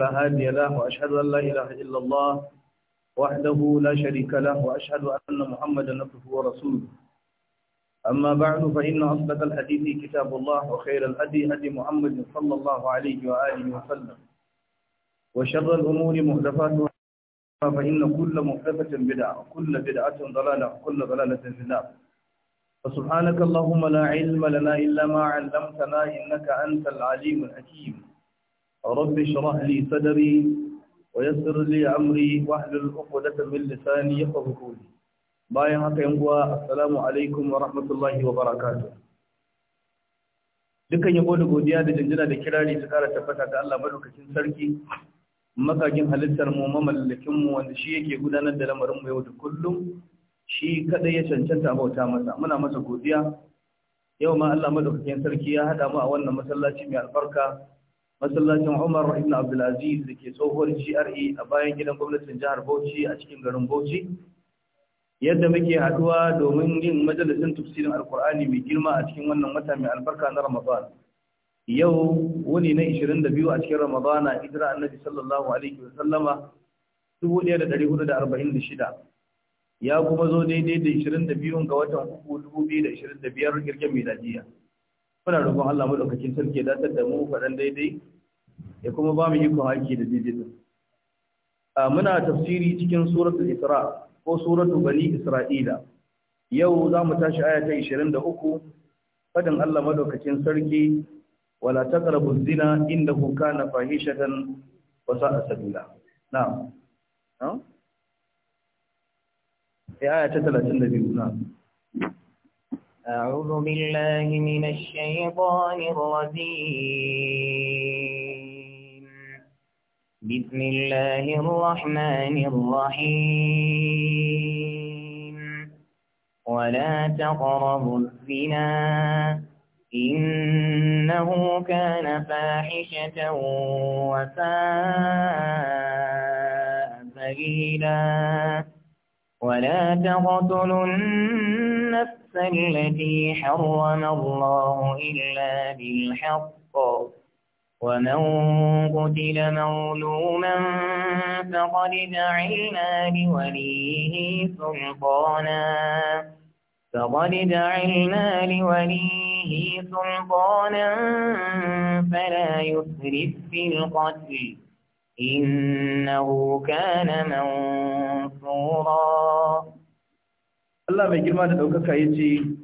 هادي له وأشهد أن لا إله إلا الله وحده لا شريك له وأشهد أن محمدا نبيه ورسوله أما بعد فإن أصدق الحديث كتاب الله وخير الهدي هدي محمد صلى الله عليه وآله وسلم وشر الأمور محدثاتها فإن كل محدثة بدعة وكل بدعة ضلالة وكل ضلالة في النار فسبحانك اللهم لا علم لنا إلا ما علمتنا إنك أنت العليم الحكيم رب اشرح لي صدري ويسر لي أمري واحلل عقدة من لساني يفقهوا قولي bayan haka yan uwa assalamu alaikum wa rahmatullahi wa barakatuh dukan yabo da godiya da janjina da kirari su kara tabbata ga Allah madaukakin sarki makakin halittar mu mamallakin mu wanda shi yake gudanar da lamarin mu yau da kullum shi kadai ya cancanta bauta masa muna masa godiya yau ma Allah madaukakin sarki ya hada mu a wannan masallaci mai albarka masallacin Umar ibn Abdulaziz da ke tsohuwar GRE a bayan gidan gwamnatin jihar Bauchi a cikin garin Bauchi yadda muke haduwa domin yin majalisin tafsirin Alkur'ani mai girma a cikin wannan wata mai albarka na Ramadan yau wuni na 22 a cikin Ramadana hijira Annabi sallallahu alaihi wa sallama 1446 ya kuma zo daidai da 22 ga watan 3 2025 girgin miladiya muna roƙon Allah madaukakin sarki ya datar da mu faɗan daidai ya kuma ba mu ikon aiki da daidai muna tafsiri cikin suratul isra ko suratul bani isra'ila yau za mu tashi aya ta 23 fadin Allah madaukakin sarki wala taqrabu zina innahu kana fahishatan wa sa'a sabila na'am na'am eh, aya ta 32 na'am أعوذ بالله من الشيطان الرجيم بسم الله الرحمن الرحيم ولا تقربوا الزنا إنه كان فاحشة وساء سبيلا ولا تقتلوا النفس التي حرم الله إلا بالحق ومن قتل مظلوما فقد جعلنا لوليه سلطانا فقد جعلنا لوليه سلطانا فلا يسرف في القتل إنه كان منصورا الله بيجمع الأوكاكا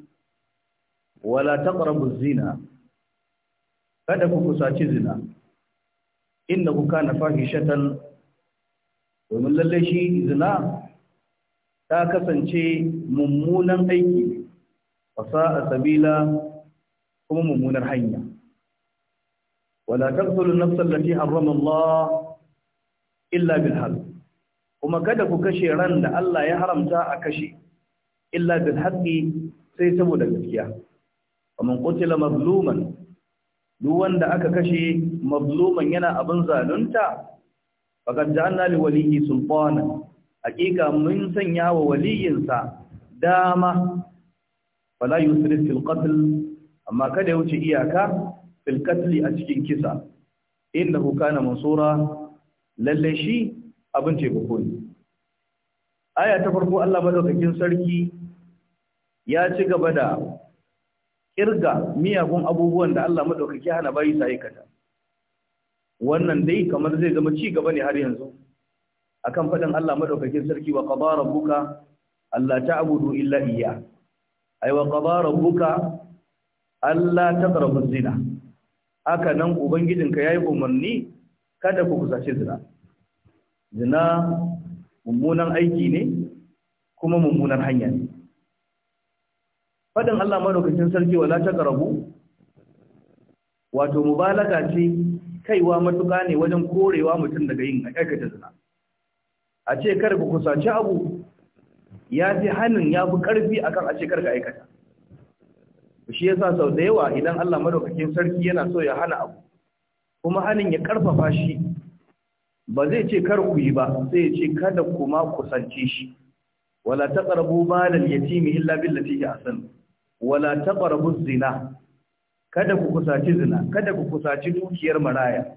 ولا تقربوا الزنا kada ku kusaci zina inda ku kana fahishatan domin lalle shi zina ta kasance mummunan aiki fasa a sabila kuma mummunar hanya wala taqtulu nafsa allati harrama Allah illa bil kuma kada ku kashe ran da Allah ya haramta a kashe illa bil haqqi sai saboda gaskiya wa man qutila mazluman duk wanda aka kashe mazluman yana abin zalunta faqad ja'alna li waliyyi sultana hakika mun sanya wa waliyinsa dama fala yusrif fil qatl amma kada ya wuce iyaka fil qatl a cikin kisa innahu kana mansura lalle shi abin ce ba ne aya ta farko Allah madaukakin sarki ya ci gaba da Kirga miyagun abubuwan da Allah maɗaukaki hana bayi sai kata wannan dai kamar zai zama ci gaba ne har yanzu akan faɗin Allah maɗaukakin sarki wa qadara rabbuka alla ta'budu illa iya. ay wa qadara rabbuka ta taqrabu zina haka nan ubangijinka yayi umarni kada ku kusace zina zina mummunan aiki ne kuma mummunan hanya ne faɗin Allah madaukakin sarki wala taqrabu wato mubalaga ce kaiwa matuƙa ne wajen korewa mutum daga yin aikata zina a ce kar ku kusaci abu ya fi hannun ya fi ƙarfi akan a ce kar ka aikata shi yasa sau da yawa idan Allah madaukakin sarki yana so ya hana abu kuma hannun ya ƙarfafa shi ba zai ce kar ku yi ba sai ya ce kada kuma kusance shi wala taqrabu malal yatimi illa billati hi ahsan wala taqrabu zina kada ku kusaci zina kada ku kusaci dukiyar maraya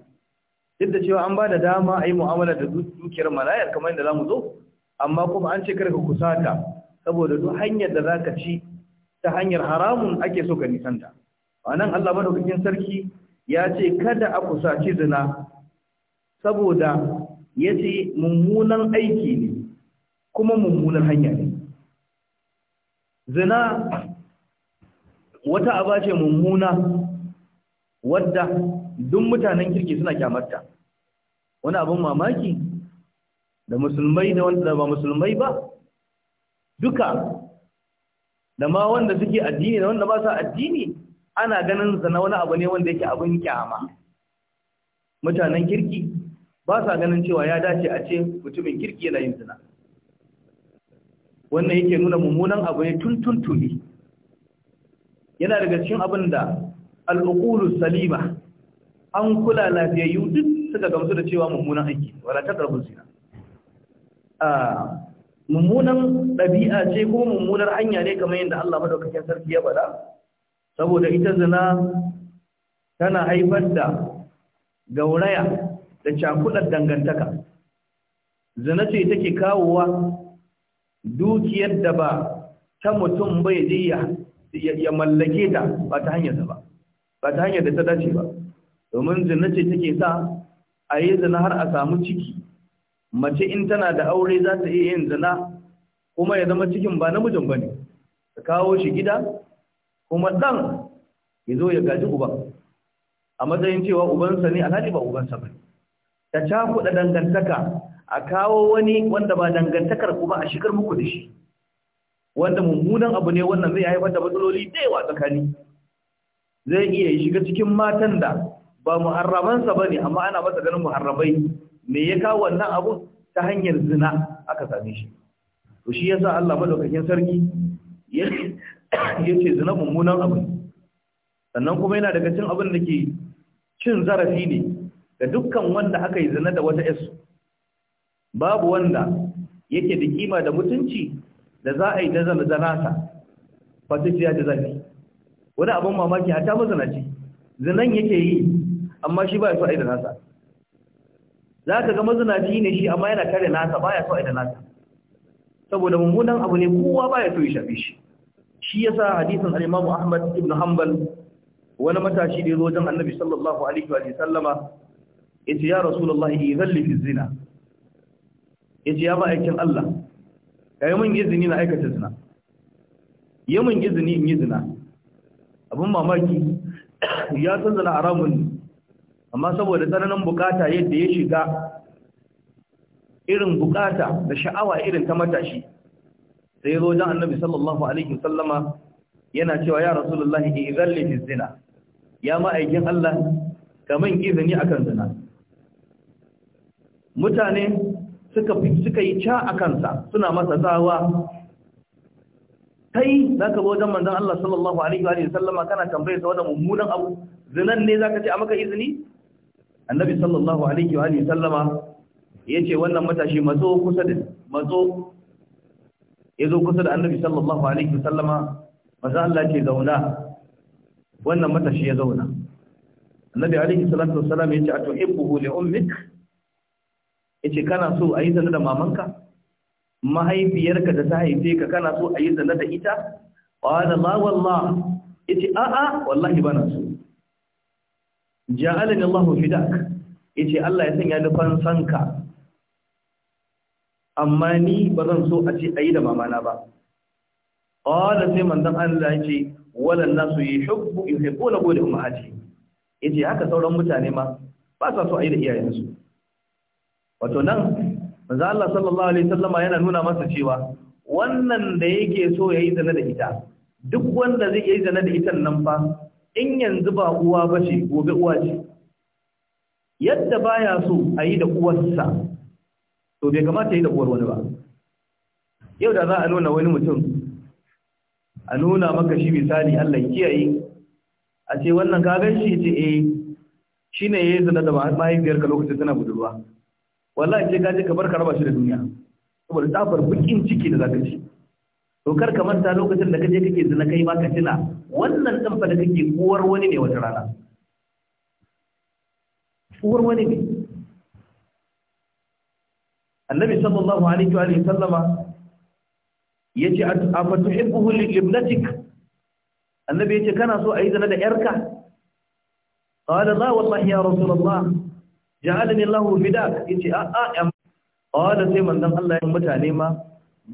duk da cewa an ba dama a yi mu'amala da dukiyar maraya kamar yadda zamu zo amma kuma an ce kada kusa kusata saboda duk hanyar da zaka ci ta hanyar haramun ake so ka nisanta anan Allah madaukakin sarki ya ce kada a kusaci zina saboda yace mummunan aiki ne kuma mummunan hanya ne zina wata aba ce mummuna wadda duk mutanen kirki suna kyamarta wani abin mamaki da musulmai da wanda ba musulmai ba duka da ma wanda suke addini da wanda ba su addini ana ganin zana wani abu ne wanda yake abin kyama mutanen kirki ba sa ganin cewa ya dace a ce mutumin kirki yana yin zina wannan yake nuna mummunan abu ne tun tuni yana daga cikin abin da al'ukulu salima an kula lafiyayyu duk suka gamsu da cewa mummunan aiki wala ta zina mummunan ɗabi'a ce ko mummunar hanya ne kamar yadda Allah madaukakin sarki ya bada saboda ita zina tana haifar da gauraya da cakular dangantaka zina ce take kawowa dukiyar da ba ta mutum bai jiya ya mallake ta ba ta hanyar ba ba ta hanyar da ta dace ba domin zina ce take sa a yi zina har a samu ciki mace in tana da aure za ta iya yin zina kuma ya zama cikin ba namijin ba ne ta kawo shi gida kuma ɗan ya zo ya gaji uba a matsayin cewa ubansa ne alhali ba ubansa ba ta cakuɗa dangantaka a kawo wani wanda ba dangantakar kuma a shigar muku da shi wanda mummunan abu ne wannan zai haifar da matsaloli da yawa tsakani zai iya shiga cikin matan da ba muharramansa ba ne amma ana masa ganin muharramai me ya kawo wannan abun ta hanyar zina aka same shi to shi yasa Allah madaukakin sarki ya ce zina mummunan abu sannan kuma yana daga cin abin da ke cin zarafi ne da dukkan wanda aka yi zina da wata yasu babu wanda yake da kima da mutunci da za a yi nazar da nasa faticiya da zafi wani abin mamaki a ta mazanaci zinan yake yi amma shi ba ya so a yi da nasa za ka ga mazanaci ne shi amma yana kare nasa ba ya so a yi da nasa saboda mummunan abu ne kowa ba ya so ya shafi shi shi ya sa hadisin al'imamu ahmad ibn hanbal wani matashi da ya zo wajen annabi sallallahu alaihi wa sallama ya ce ya rasulallah izalli fi zina ya ce ya ma'aikin allah kai mun izini na aikata zina yi mun izini in yi zina abin mamaki ya san zina haramun ne amma saboda tsananin bukata yadda ya shiga irin bukata da sha'awa irin ta matashi sai zo jan annabi sallallahu alaihi wasallama yana cewa ya rasulullahi idan li zina ya ma ma'aikin Allah kaman izini akan zina mutane suka suka yi ca a kansa suna masa tsawa kai zaka ga wajen manzon Allah sallallahu alaihi wa sallama kana tambaye sa wannan mummunan abu zinan ne za ka ce a maka izini annabi sallallahu alaihi wa sallama ce wannan matashi mazo kusa da mazo yazo kusa da annabi sallallahu alaihi wa sallama manzon Allah ce zauna wannan matashi ya zauna annabi alaihi salatu ya wassalam yace atuhibbu li ummik yace kana so a yi zanna da mamanka mahaifiyarka da ta haife ka kana so a yi zanna da ita qala ma wallah yace a a wallahi bana so ja'alani Allah fidak yace Allah ya sanya nufan sanka amma ni ba zan so a ce a yi da mamana ba qala sai manzon Allah yace wala nasu yuhibbu yuhibbuna qawla ummahati yace haka sauran mutane ma ba sa so a yi da iyayensu wato nan manzo Allah sallallahu alaihi wasallama yana nuna masa cewa wannan da yake so yayi zana da ita duk wanda zai yi zana da ita nan fa in yanzu ba uwa bace gobe uwa ce yadda baya so ayi yi da uwarsa to bai kamata yi da uwar wani ba yau da za a nuna wani mutum a nuna maka shi misali Allah kiyaye a ce wannan ka gan shi ce eh shine yayi zana da mahaifiyarka lokacin tana budurwa wallahi sai ka je ka bar raba shi da duniya saboda ta bar bukin ciki da zaka ci to kar ka manta lokacin da kaje kake zina kai ma ka tuna wannan dan fa da kake uwar wani ne wata rana uwar wani ne annabi sallallahu alaihi wa sallama yace afatuhibbuhu libnatik annabi yace kana so ayi zina da yarka qala la wallahi ya rasulullah ja'alani Allahu bidak yace a a am wala sai manzon Allah ya mutane ma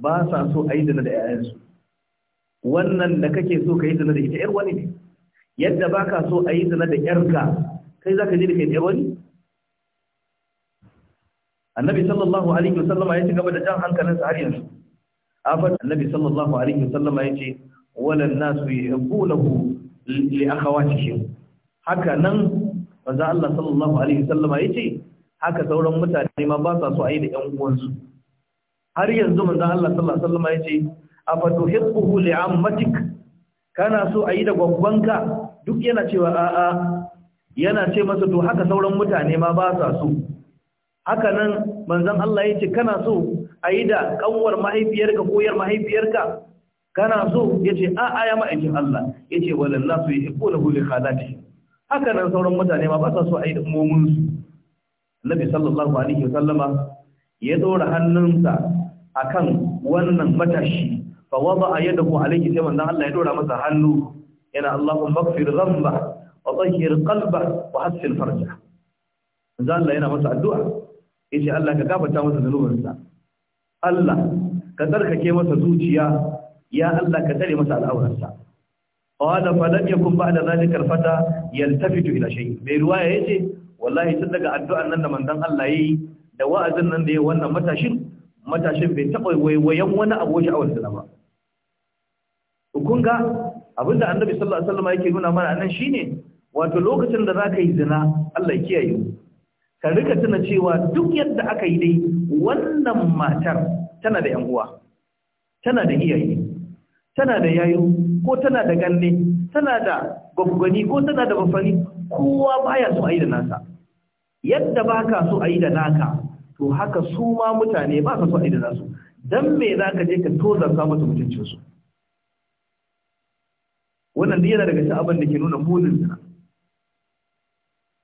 ba sa so aidana da ayyan su wannan da kake so kai dana da ita ƴar wani ne yadda baka so ayi zina da yarka kai zaka je da kai ƴar wani annabi sallallahu alaihi wasallama ya ce gaba da jan hankalin sa har yanzu afat annabi sallallahu alaihi wasallama yace wala nasu yuhibbunahu li akhawatihim haka nan manzo Allah sallallahu alaihi wasallama yace haka sauran mutane ma ba sa so a yi da ƴan uwansu har yanzu manzo Allah sallallahu alaihi wasallama yace afatuhibbu li'ammatik kana so a yi da ka? duk yana cewa a'a yana ce masa to haka sauran mutane ma ba sa so haka nan manzo Allah ya ce kana so a yi da kanwar mahaifiyarka koyar mahaifiyarka kana so ya ce a'a ya ma'aikin Allah ya ce su yi iko da huli khalati haka nan sauran mutane ma ba sa so a yi da umominsu annabi sallallahu alaihi wa sallama ya dora hannunsa akan wannan matashi fa wada yadahu alaihi sai manzon Allah ya dora masa hannu yana Allahumma ighfir dhanba wa tahhir qalba wa hassin farja manzon Allah yana masa addu'a yace Allah ka gafarta masa zanubansa Allah ka tsarkake masa zuciya ya Allah ka tsare masa al'aurarsa qala da yakun ba'da zalika al-fata yaltafitu ila mai ruwa ruwaya yace wallahi tun daga addu'an nan da manzon Allah yi da wa'azin nan da yayi wannan matashin matashin bai taba wayewayen wani abu wajen awal sana ba kun ga abinda annabi sallallahu alaihi wasallam yake nuna mana anan shine wato lokacin da zaka yi zina Allah ya kiyaye ka rika tuna cewa duk yadda aka yi dai wannan matar tana da yan uwa tana da iyaye tana da yayo ko tana da ganne tana da gwaggwani ko tana da bafari kowa baya so a yi da nasa yadda ba ka so a yi da naka to haka su ma mutane ba ka so a yi da nasu don me za ka je ka toza sa mutu mutuncinsu wannan yana daga cikin abin da ke nuna munin sa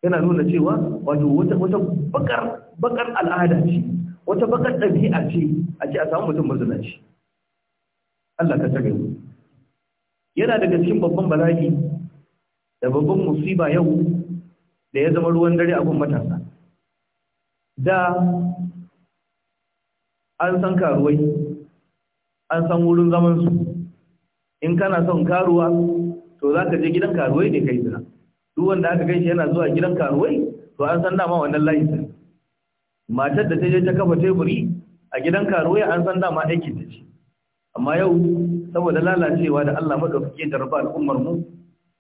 yana nuna cewa wato wata bakar bakar al'ada ce wata bakar ɗabi'a ce a ce a samu mutum mazinaci Allah ka tsare mu yana daga cikin babban bala'i da babban musiba yau da ya zama ruwan dare abin matasa da an san karuwai an san wurin zamansu in kana son karuwa to za ka je gidan karuwai ne kai zina duk wanda aka kai shi yana zuwa gidan karuwai to an san dama wannan layin matar da ta je ta kafa teburi a gidan karuwai an san dama aikin ta ce amma yau saboda lalacewa da Allah madaukake da rabu al'ummar mu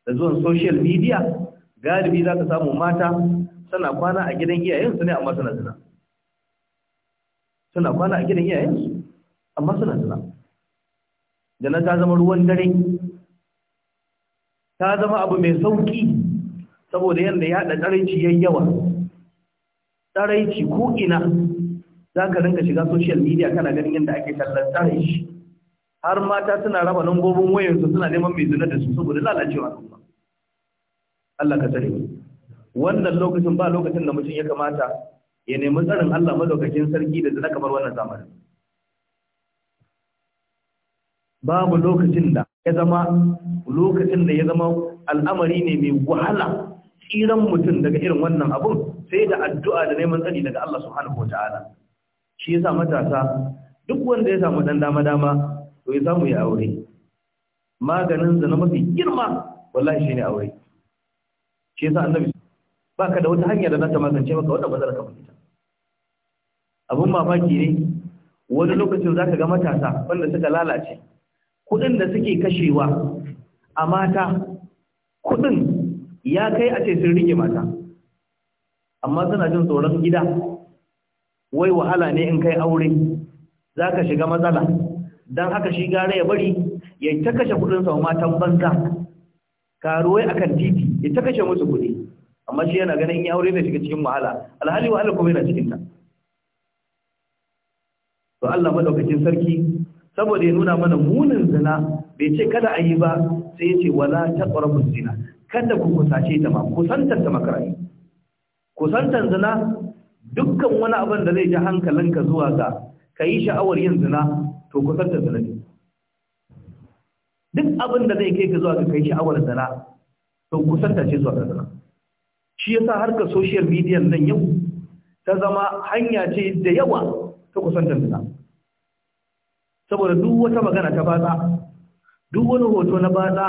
da zuwan social media galibi za ka samu mata suna kwana a gidan iyayensu ne amma suna zina suna kwana a gidan iyayensu amma suna zina jana ta zama ruwan dare ta zama abu mai sauki saboda yadda ya haɗa tsaraici yayi yawa tsaraici ko ina za ka rinka shiga social media kana ganin yadda ake tallan tsaraici har mata suna raba lambobin wayansu suna neman mai zina da su saboda lalacewa ba Allah ka tare wannan lokacin ba lokacin da mutum ya kamata ya nemi tsarin Allah madaukakin sarki da zina kamar wannan zamanin babu lokacin da ya zama lokacin da ya zama al'amari ne mai wahala tsiran mutum daga irin wannan abun sai da addu'a da neman tsari daga Allah subhanahu wa ta'ala. Shi ya sa matasa duk wanda ya samu dan dama-dama to yi samu yi aure maganin na mafi girma wallahi ne aure shi yasa annabi ka da wata hanya da za ta magance maka wannan matsalar ka fita abun mamaki ne wani lokacin za ka ga matasa wanda suka lalace kuɗin da suke kashewa a mata kuɗin ya kai a ce sun rike mata amma suna jin tsoron gida wai wahala ne in kai aure za ka shiga matsala don haka shi gara ya bari ya ta kashe kudin sa matan banza karuwai akan titi ya ta kashe musu kudi amma shi yana ganin ya aure da shiga cikin wahala alhali wahala kuma yana cikin ta to Allah madaukakin sarki saboda ya nuna mana munin zina bai ce kada a yi ba sai ya ce wala taqrabu zina kada ku kusace ta ma kusantar ta makarai kusantar zina dukkan wani abin da zai ji hankalinka zuwa ga ka yi sha'awar yin zina to kusantar sana ne duk abin da zai kai ka zuwa ga kai sha'awar sana to kusantar ce zuwa ga sana shi yasa harkar social media nan yau ta zama hanya ce da yawa ta kusantar sana saboda duk wata magana ta baza duk wani hoto na baza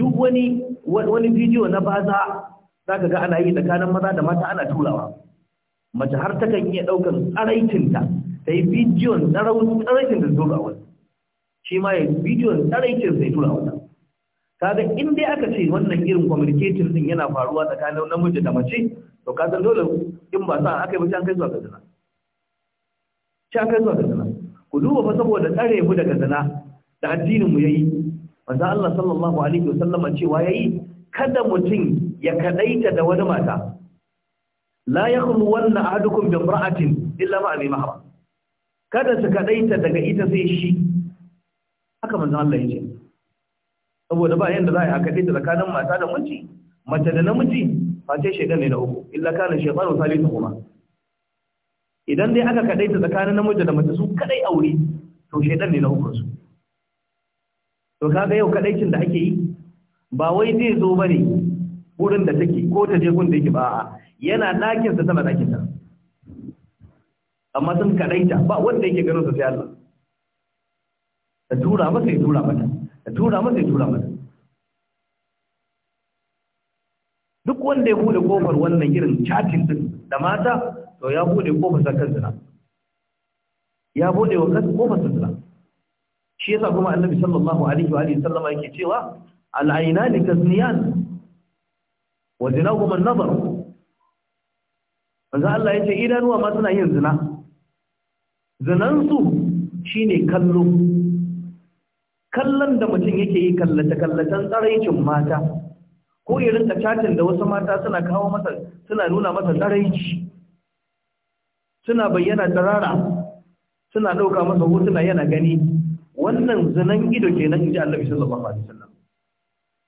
duk wani wani bidiyo na baza zaka ga ana yi tsakanin maza da mata ana turawa mace har takan iya daukan tsaraitinta. ta yi bidiyon tsaraikin da tura wata shi ma ya bidiyon tsaraikin sai tura wata kaga in dai aka ce wannan irin communicating din yana faruwa tsakanin namiji da mace to ka dole in ba sa aka yi ba kai zuwa ga zina shi an kai zuwa ga zina ku duba fa saboda tsare mu daga zina da addinin mu yayi manzo Allah sallallahu alaihi wasallama cewa yayi kada mutum ya kadaita da wani mata la yakhlu wanna ahadukum bi imra'atin illa ma'a mahram kada su kadaita daga ita sai shi haka manzo Allah ya ce saboda ba yanda za a ta tsakanin mata da miji mace da namiji face shedan ne na uku illa kana shaytanu salisu kuma idan dai aka ta tsakanin namiji da mace su kadai aure to shedan ne na uku su to kaga yau kadaicin da ake yi ba wai zai zo bane wurin da take ko ta je gun da yake ba yana ɗakinsa sa tana ɗakin amma sun kadaita ba wanda yake ganin su sai Allah ta tura masa ya tura mata ta tura masa ya tura mata duk wanda ya bude kofar wannan irin chatin din da mata to ya bude kofar sa zina, ya bude wa kansa kofar sa shi yasa kuma annabi sallallahu alaihi wa alihi sallama yake cewa al-aynani tasniyan wa zinahuma an-nazar manzo Allah yace idanuwa ma suna yin zina zanansu ne kallo kallon da mutum yake yi kallace-kallacen tsaraicin mata ko irin da cacin da wasu mata suna kawo masa suna nuna masa tsaraici suna bayyana tsarara suna ɗauka masa hotuna yana gani wannan zinan ido kenan in ji zaba sallallahu sannan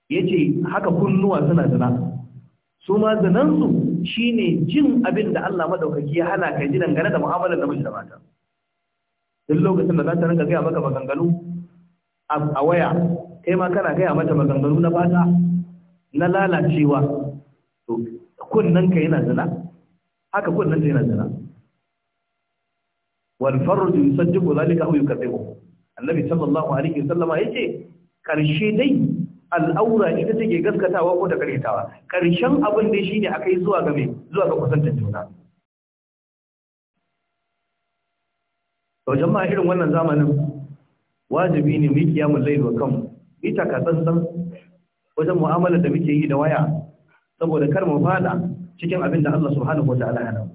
Ya ce haka kunnuwa suna zina su ma zinan su ne jin abin da Allah maɗaukaki ya hana kai ji dangane da mu'amalar namiji da mata duk lokacin da za ta ranka gaya maka maganganu a waya kai ma kana gaya mata maganganu na bata na lalacewa to kunnan ka yana zina haka kunnan ka yana zina wal farju yusajjibu zalika aw yukathibu annabi sallallahu alaihi wasallama yace karshe dai al'aura ita take gaskatawa ko da karyatawa karshen abin da shine akai zuwa ga me zuwa ga kusantar juna to jama'a irin wannan zamanin wajibi ne mu yi kiyamun laili wa kanmu yi takatsantsan wajen mu'amalar da muke yi da waya saboda kar mu fada cikin abin da Allah subhanahu wataala ya nuna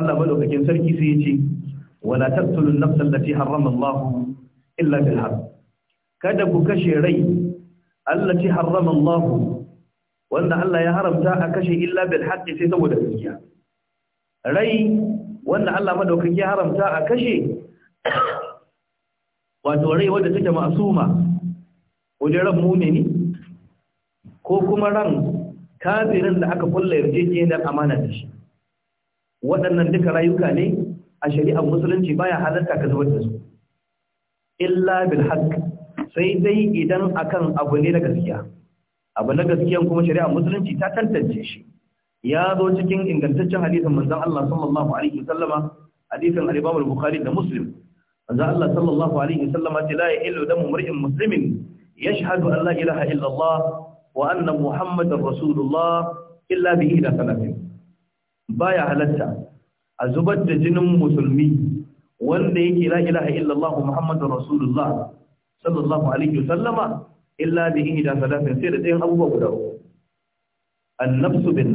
Allah madaukakin sarki sai ya ce wala taqtulun nafsa allati harrama Allah illa bil haqq kada ku kashe rai allati harrama Allah wanda Allah ya haramta a kashe illa bil haqq sai saboda gaskiya rai wanda Allah madaukaki ya haramta a kashe wato rai wanda take masuma wajen ran mumini ko kuma ran kafirin da aka kulla yarjejeniyar amana da shi waɗannan duka rayuka ne a shari'ar musulunci baya halarta ka zubar da su illa bil haqq sai dai idan akan abu ne na gaskiya abu na gaskiyan kuma shari'ar musulunci ta tantance shi ya zo cikin ingantaccen hadisin manzon Allah sallallahu alaihi wasallama hadisin al-Imam al-Bukhari da Muslim manzon Allah sallallahu alaihi wasallama ce la yahillu damu mar'in muslimin yashhadu an allah ilaha illallah Allah wa anna Muhammadar Rasulullah illa bi ihda salatin baya halatta a zubar da jinin musulmi wanda yake la ilaha illallah Allah Muhammadur Rasulullah sallallahu alaihi wasallama illa bi ihda salatin sai da ɗayan abubuwa guda uku an-nafsu bin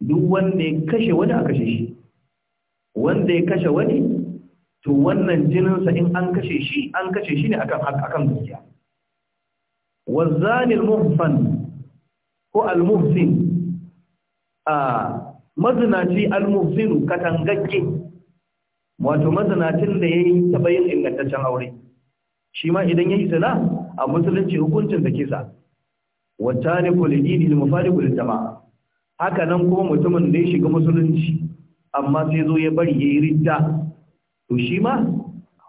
duk wanda ya kashe wani a kashe shi wanda ya kashe wani to wannan jininsa in an kashe shi an kashe shi ne akan akan gaskiya wazanil ko almuhsin a mazinaci almuhsinu katangagge wato mazinacin da yayi taɓa yin ingantaccen aure shi ma idan yayi zina a musulunci hukuncin da kisa wa tariku lidini mufariqu jama'a haka nan kuma mutumin da ya shiga musulunci amma sai zo ya bari ya yi ridda to shi ma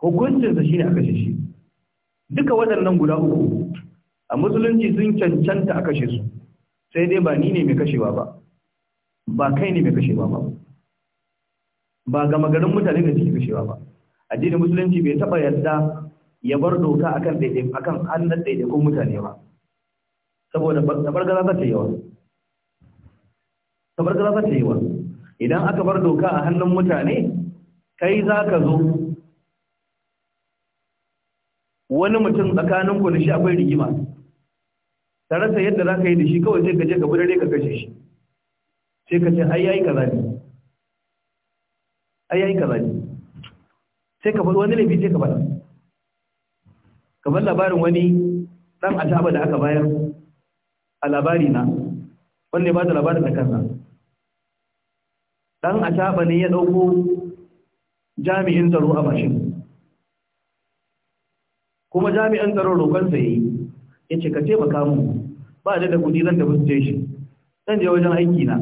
hukuncinsa shine a kashe shi duka waɗannan guda uku a musulunci sun cancanta a kashe su sai dai ba ni ne mai kashewa ba ba kai ne mai kashewa ba ba gama garin mutane da suke kashewa ba addinin musulunci bai taɓa yarda ya bar doka akan ɗaiɗai akan hannun ɗaiɗaikun mutane ba saboda tabargaza za ta yawa kamar kaza za ta yi wa idan aka bar doka a hannun mutane kai za ka zo wani mutum tsakaninku da shi akwai rigima ta rasa yadda za ka yi da shi kawai sai ka je ka gudare ka kashe shi sai ka ce ai yayi kaza ne ai yayi kaza ne sai ka faɗi wani laifi sai ka faɗa kamar labarin wani dan ataba da aka bayar a labari na wanne ba da labarin da kansa dan taba ne ya dauko jami'in tsaro a mashin kuma jami'in tsaro roƙon sa yi ya ce ka taimaka mu ba da da kudi zan da buste shi zan je wajen aiki na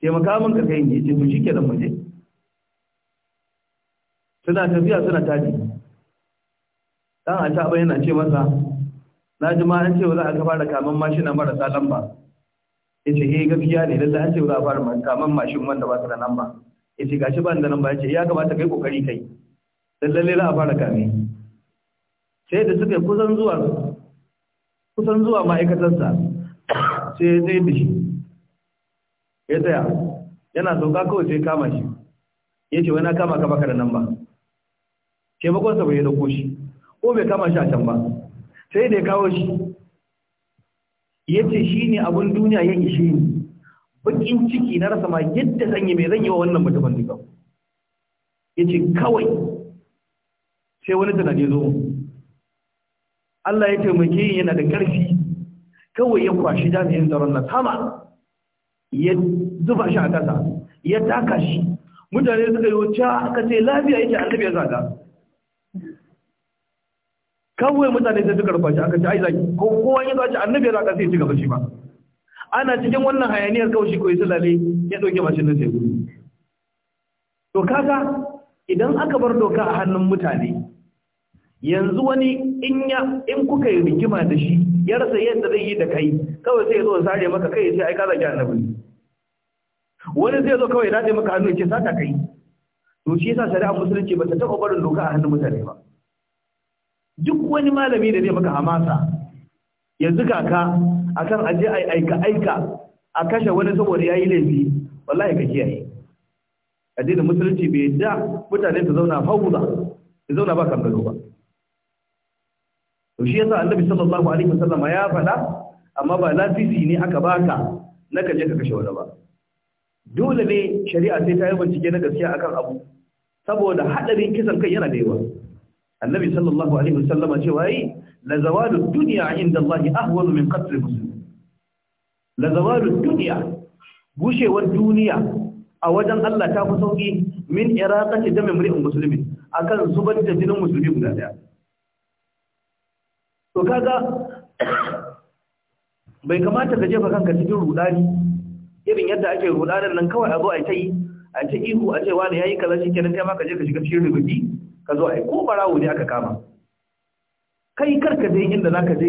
taimaka min ka kai ne yace mu shike mu muje suna tafiya suna tafi dan taba yana ce masa na ji ma an ce za a ka fara kaman mashina marasa lamba ya ce eh gaskiya ne lallai an ce za a fara man mashin wanda ba su da namba ya ce gashi ba da namba ya ce ya kamata kai kokari kai lallai za a fara kame sai da suka yi kusan zuwa kusan zuwa ma'aikatarsa sai ya tsaye da shi ya tsaya yana sauka kawai sai kama shi ya ce wani kama ka baka da namba taimakonsa bai dauko shi ko bai kama shi a can ba sai da ya kawo shi yace shine abun duniya ya ishe ni bakin ciki na rasa ma yadda zan yi mai zan yi wa wannan mutumin duka ya kawai sai wani tunani zo Allah ya taimake yin yana da karfi kawai ya kwashi jami'in tsaron na sama ya zuba shi a kasa ya taka shi mutane suka yi wuce aka ce lafiya yake annabi ya zaga kawai mutane sai suka rufa shi aka ce ai zaki ko kowa ya zaci annabi ya zaka sai ya ci gaba shi ba ana cikin wannan hayaniyar kawai shi koyi sulale ya dauke mashin nan sai gudu to kaga idan aka bar doka a hannun mutane yanzu wani in ya in kuka yi rigima da shi ya rasa yadda zai yi da kai kawai sai ya zo sare maka kai sai ai ka zaki annabi wani zai zo kawai ya dace maka hannu ya ce sata kai to shi yasa shari'a musulunci ba ta taba barin doka a hannun mutane ba duk wani malami da zai maka hamasa ya zuka ka akan aje a aika aika a kashe wani saboda ya yi laifi wallahi ka kiyaye addinin musulunci bai da mutane su zauna ba, su zauna ba kan gado ba to shi yasa annabi sallallahu alaihi wasallam ya faɗa amma ba lafisi ne aka baka na kaje ka kashe wani ba dole ne shari'a sai ta yi bincike na gaskiya akan abu saboda hadarin kisan kai yana da yawa annabi sallallahu alaihi wasallama cewa yi la zawalu dunya inda Allah ahwal min qatl muslim la zawalu dunya gushewar duniya a wajen Allah ta fi sauki min iraqati dami mri'in muslimin akan zubar da jinin musulmi guda daya to kaga bai kamata ka jefa kanka cikin rudani irin yadda ake rudanar nan kawai a zo a ta yi a ce ihu a ce wani yayi kaza kenan kai ma ka je ka shiga cikin rubuti ka zo ai ko barawo ne aka kama kai karka je inda zaka je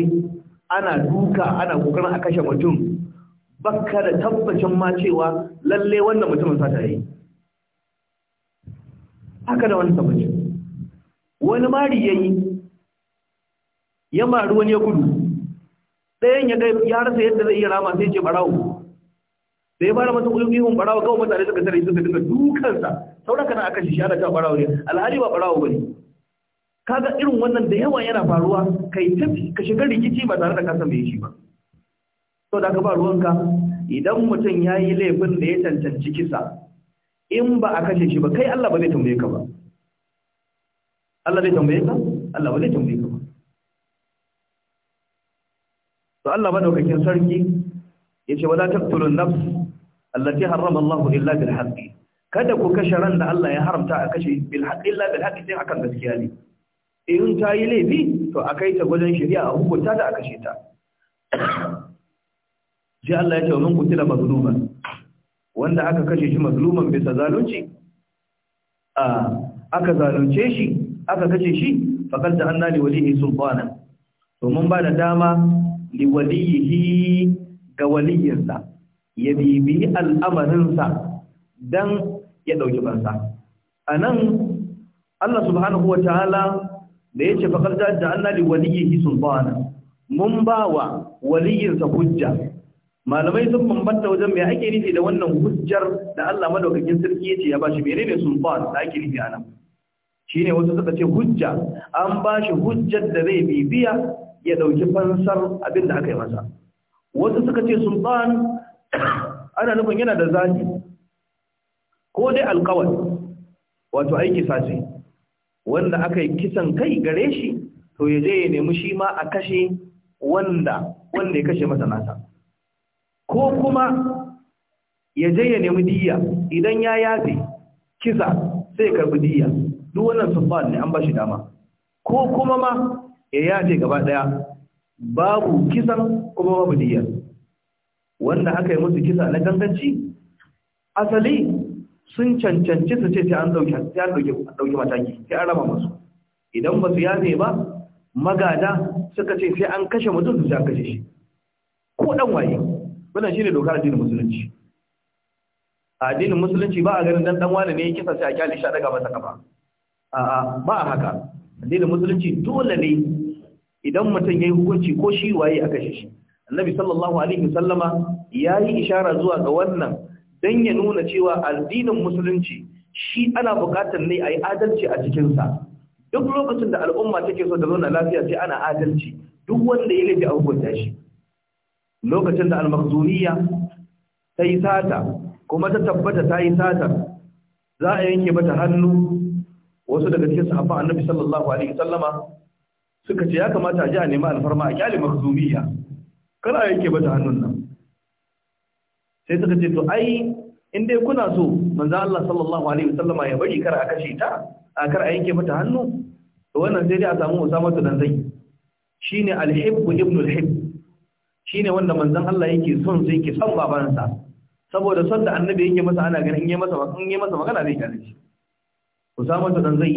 ana duka ana kokarin a kashe mutum baka da tabbacin ma cewa lalle wannan mutumin sa ta yi haka da wani tabbacin wani mari yayi ya maru wani ya gudu ɗayan ya ga ya rasa yadda zai iya rama sai ce barawo da ya fara masa ihun barawa kawai mutane suka tare suka dinga dukansa sauran kana aka shi shara ta barawa ne alhali ba barawa bane kaga irin wannan da yawa yana faruwa kai tafi ka shiga rikici ba tare da ka mai shi ba to da ka ba ruwanka idan mutum ya yi laifin da ya cancanci kisa in ba a kashe shi ba kai Allah ba zai tambaye ka ba Allah zai tambaye ka Allah ba zai tambaye ka ba to Allah daukakin sarki yace wala taqtulun nafs allati harrama Allahu illa bil haqqi kada ku kashe ran da Allah ya haramta a kashe bil haqqi illa bil haqqi sai akan gaskiya ne in ta yi laifi to akai ta gwajin shari'a a hukunta da a kashe ta ji Allah ya ce mun kutila mazluman wanda aka kashe shi mazluman bisa zalunci a aka zalunce shi aka kashe shi faqad anna li walihi sultana to mun ba da dama li walihi ga waliyinsa ya bibi al'amarinsa don ya ɗauki fansa a nan Allah subhanahu wa ta'ala da ya ce faƙar da Allah da waliyihi sulbana mun ba wa waliyinsa hujja malamai sun bambanta wajen mai ake nufi da wannan hujjar da Allah madaukakin sarki ya ce ya ba shi menene sulban da ake nufi a nan shine wasu suka ce hujja an ba shi hujjar da zai bibiya ya ɗauki fansar abin da aka yi masa wasu suka ce sulban ana nufin yana da zafi ko dai alkawal wato aiki sace wanda aka yi kisan kai gare shi to ya je ya nemi shi ma a kashe wanda wanda ya kashe masa nasa ko kuma ya je ya nemi diyya idan ya yafe kisa sai ya karbi diya duk wannan sufan ne an ba shi dama ko kuma ma ya yafe gaba daya babu kisan kuma babu diyya wanda aka yi musu kisa na ganganci asali sun cancanci su ce sai an ɗauki mataki sai an raba musu idan ba su yame ba magada suka ce sai an kashe mutum su an kashe shi ko ɗan waye wannan shi ne dokar addinin musulunci a addinin musulunci ba a ganin dan ɗan wani ne kisa sai a kyale shi a daga masa kafa a'a ba a haka addinin musulunci dole ne idan mutum ya yi hukunci ko shi waye a kashe shi annabi sallallahu alaihi wasallama yayi ishara zuwa ga wannan dan ya nuna cewa addinin musulunci shi ana bukatar ne ayi adalci a cikin sa duk lokacin da al'umma take so da zauna lafiya sai ana adalci duk wanda ya laifi a hukunta shi lokacin da al-makhzumiyya ta yi sata kuma ta tabbata ta yi sata za a yanke mata hannu wasu daga cikin sahabban annabi sallallahu alaihi wasallama suka ce ya kamata a ji a nemi alfarma a kyale makhzumiyya kar a yanke mata hannun nan sai suka ce to ai in dai kuna so manzo Allah sallallahu alaihi wasallama ya bari kar a kashe ta a kar a yake mata hannu to wannan sai dai a samu Usama to dan zai shine al-hibb ibn al-hibb shine wanda manzon Allah yake son sai yake son babansa saboda son da annabi yake masa ana ganin yayi masa in yayi masa magana zai kare shi Usama to dan zai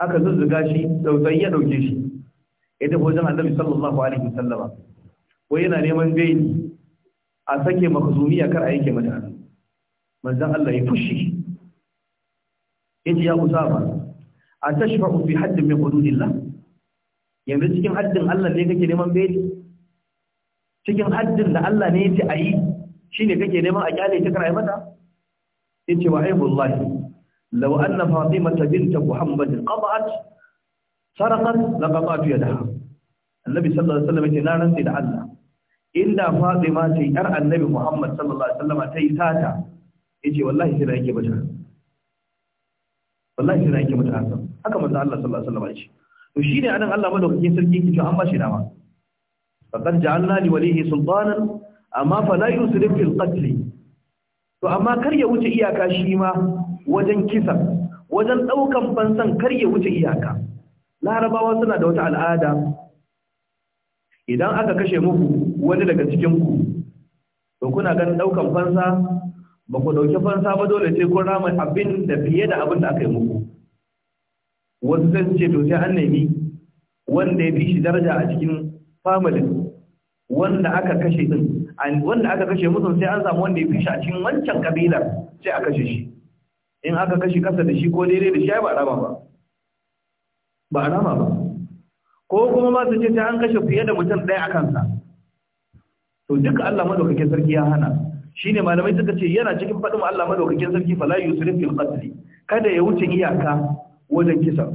aka zuzzuga shi dautsai ya dauke shi ya tafi wajen annabi sallallahu alaihi wasallama ko yana neman gaini a sake makazumiya kar a yake mata hannu Allah ya fushi yace ya usama a tashfa'u fi haddin min hududillah yanzu cikin haddin Allah ne kake neman beli cikin haddin da Allah ne yace ayi shine kake neman a kyale ta karai mata yace wa aibullahi law anna fatimata bint muhammad qada'at sarqan laqamatu yadaha annabi sallallahu alaihi wasallam yace na rantsi da Allah inda Fatima ce yar annabi Muhammad sallallahu alaihi wasallam ta yi tata yace wallahi sai da yake bata wallahi sai da yake bata haka manzo Allah sallallahu alaihi wasallam yace to shine anan Allah madaukakin sarki yake to an ba shi dama faqad ja'alna li walihi sultanan amma fa la yusrif fil qatl to amma kar ya wuce iyaka shi ma wajen kisa wajen daukan fansan kar ya wuce iyaka larabawa suna da wata al'ada idan aka kashe muku wani daga cikinku to kuna ganin daukan fansa ba ku dauki fansa ba dole sai kun rama abin da fiye da abin da aka yi muku wasu sai ce to sai an nemi wanda ya fi shi daraja a cikin family wanda aka kashe din wanda aka kashe musu sai an samu wanda ya fi shi a cikin wancan kabilar sai a kashe shi in aka kashe kasa da shi ko daidai da shi ba rama ba ba a rama ba ko kuma ba su ce sai an kashe fiye da mutum ɗaya a kansa to duka Allah madaukakin sarki ya hana shine malamai suka ce yana cikin faɗin Allah madaukakin sarki fala yusrif fil qatli kada ya wuce iyaka wajen kisa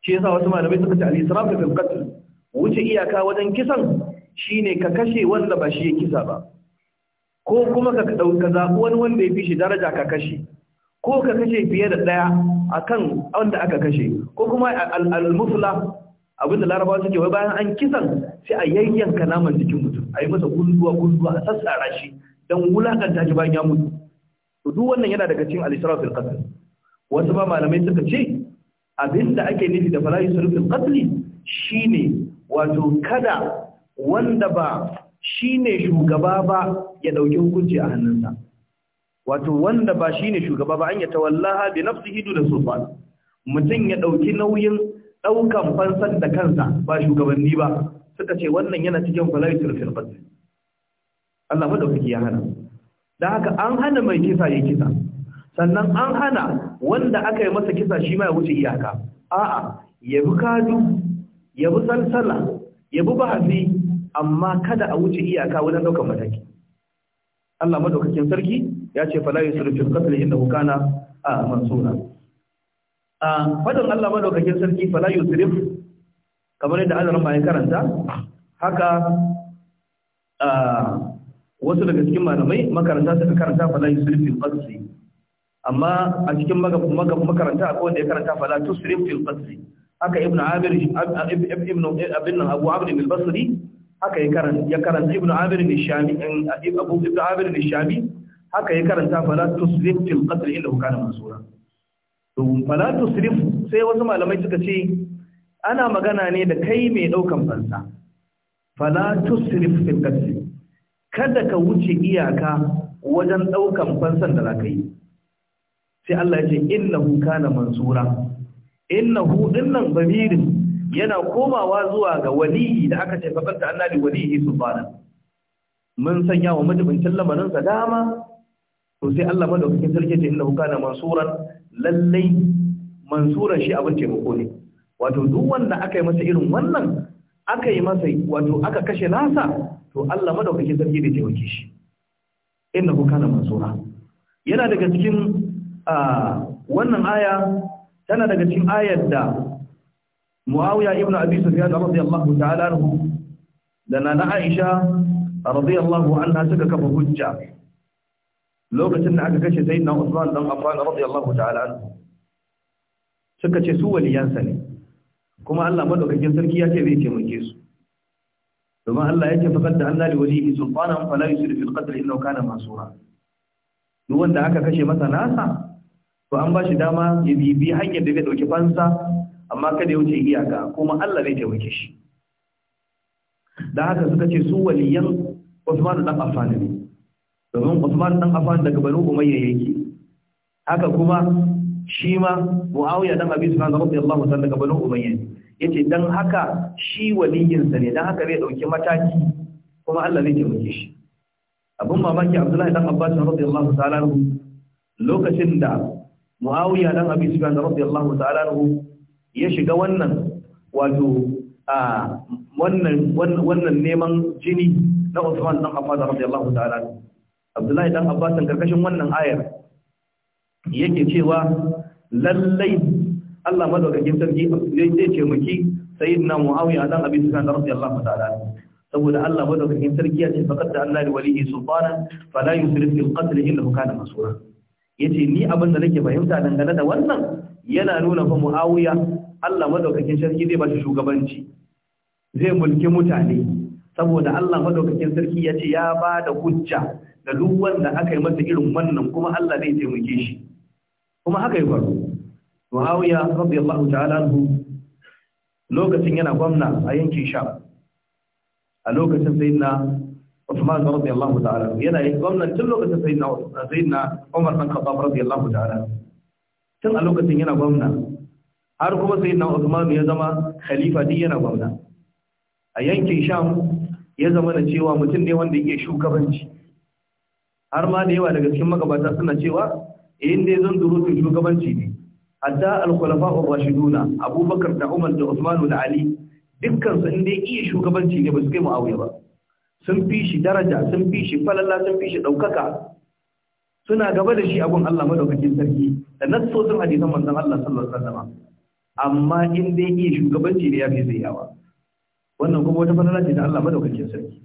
shi yasa wasu malamai suka ce al israf fil qatl wuce iyaka wajen kisan shine ka kashe wanda ba shi ya kisa ba ko kuma ka dauka zabi wani wanda ya fi shi daraja ka kashe ko ka kashe fiye da daya akan wanda aka kashe ko kuma al-musla abinda laraba suke wai bayan an kisan sai a yayyanka naman jikin mutum a yi masa gunduwa gunduwa a sassara shi don wulakanta shi bayan ya mutu to duk wannan yana daga cikin al-israf fil qatl wasu ba malamai suka ce abinda ake nufi da fala yusrif fil qatl shine wato kada wanda ba shine shugaba ba ya dauki hukunci a hannunsa wato wanda ba shi ne shugaba ba an ya tawallaha bi nafsihi duna sulfan mutum ya dauki nauyin daukan fansar da kansa ba shugabanni ba suka ce wannan yana cikin falaitul fil Allah madaukaki ya hana dan haka an hana mai kisa ya kisa sannan an hana wanda aka yi masa kisa shi ma ya wuce iyaka a'a ya bi kadu ya bi sansala ya bi bahasi amma kada a wuce iyaka wajen daukan mataki Allah madaukakin sarki ya ce fala yusru fil qatl innahu kana mansura a fadan Allah madaukakin sarki fala yusrif kamar yadda Allah ya karanta haka wasu daga cikin malamai makaranta suka karanta fala yusrif fil amma a cikin makaranta akwai wanda ya karanta fala tusrif fil haka ibnu amir ibnu abin abu amr al basri haka ya karanta ya karanta ibnu amir al shami abu ibnu amir al shami haka ya karanta fala tusrif fil qatl illa kana mansura to fala tusrif sai wasu malamai suka ce ana magana ne da kai mai daukan fansa fala tusrif fil qatl kada ka wuce iyaka wajen daukan fansan da zaka yi sai Allah ya ce innahu kana mansura innahu dinnan babirin. yana komawa zuwa ga waliyi da aka ce fakanta annabi walihi subhanahu mun sanya wa majibincin lamarinsa dama to sai Allah madaukakin sarki ce innahu kana mansuran lallai mansuran shi abin taimako ne wato duk wanda aka yi masa irin wannan aka yi masa wato aka kashe nasa to Allah madaukakin sarki da taimake shi innahu kana mansura yana daga cikin wannan aya tana daga cikin ayar da Muawiya ibn Abi Sufyan radiyallahu ta'ala anhu da Nana Aisha radiyallahu anha suka kafa hujja lokacin da aka kashe sayyidina Usman dan Affan radiyallahu ta'ala anhu suka ce su waliyansa ne kuma Allah madaukakin sarki ya ce zai taimake su domin Allah ya ce faqad da Allah li walihi sultanan fala yusri fil qatl innahu kana masura duk wanda aka kashe masa nasa to an ba shi dama ya bibi hanyar da zai dauki fansa amma kada ya wuce iyaka kuma Allah zai taimake shi da haka suka ce su waliyan Usman dan Affan ne domin Usman dan Affan daga Banu Umayya yake haka kuma shi ma Muawiya dan Abi Sufyan radiyallahu ta'ala daga Banu Umayya yace dan haka shi waliyin sa ne dan haka zai dauki mataki kuma Allah zai taimake shi abun mamaki Abdullahi dan Abbas radiyallahu ta'ala lokacin da Muawiya dan Abi Sufyan radiyallahu ta'ala ya shiga wannan wato a wannan wannan neman jini na Usman dan Affan radiyallahu ta'ala abdullahi dan abbasan karkashin wannan ayar yake cewa lallai Allah madaukakin sarki zai ce miki sayyidina muawiya dan abi sufyan radiyallahu ta'ala saboda Allah madaukakin sarki ya ce faqad da Allah walihi sultana fala yusrif fil qatl illa kana masura yace ni abin da nake fahimta dangane da wannan yana nuna fa muawiya Allah madaukakin sarki zai ba shi shugabanci zai mulki mutane saboda Allah madaukakin sarki ya ce ya ba da hujja da duk wanda aka yi masa irin wannan kuma Allah zai taimake shi kuma haka yi faru Muawiya radiyallahu ta'ala anhu lokacin yana gwamna a yankin Sham a lokacin sayyidina Uthman radiyallahu ta'ala yana gwamna tun lokacin sayyidina sayyidina Umar bin Khattab radiyallahu ta'ala tun a lokacin yana gwamna har kuma sayyidina Uthman ya zama khalifa din yana gwamna a yankin Sham ya zama na cewa mutum ne wanda yake shugabanci har ma da yawa daga cikin magabata suna cewa eh, in dai zan durutun shugabanci ne hatta al-khulafa'ur rashiduna abubakar da umar da usman da ali dukkan su in dai iya shugabanci ne ba su kai muawiya ba sun fi shi daraja sun fi shi falalla sun fi shi daukaka suna gaba da shi abun Allah madaukakin sarki da nassosin hadisan manzon Allah sallallahu alaihi wasallam amma in dai iya shugabanci ne ya fi zai yawa. wannan kuma wata falalla ce da Allah madaukakin sarki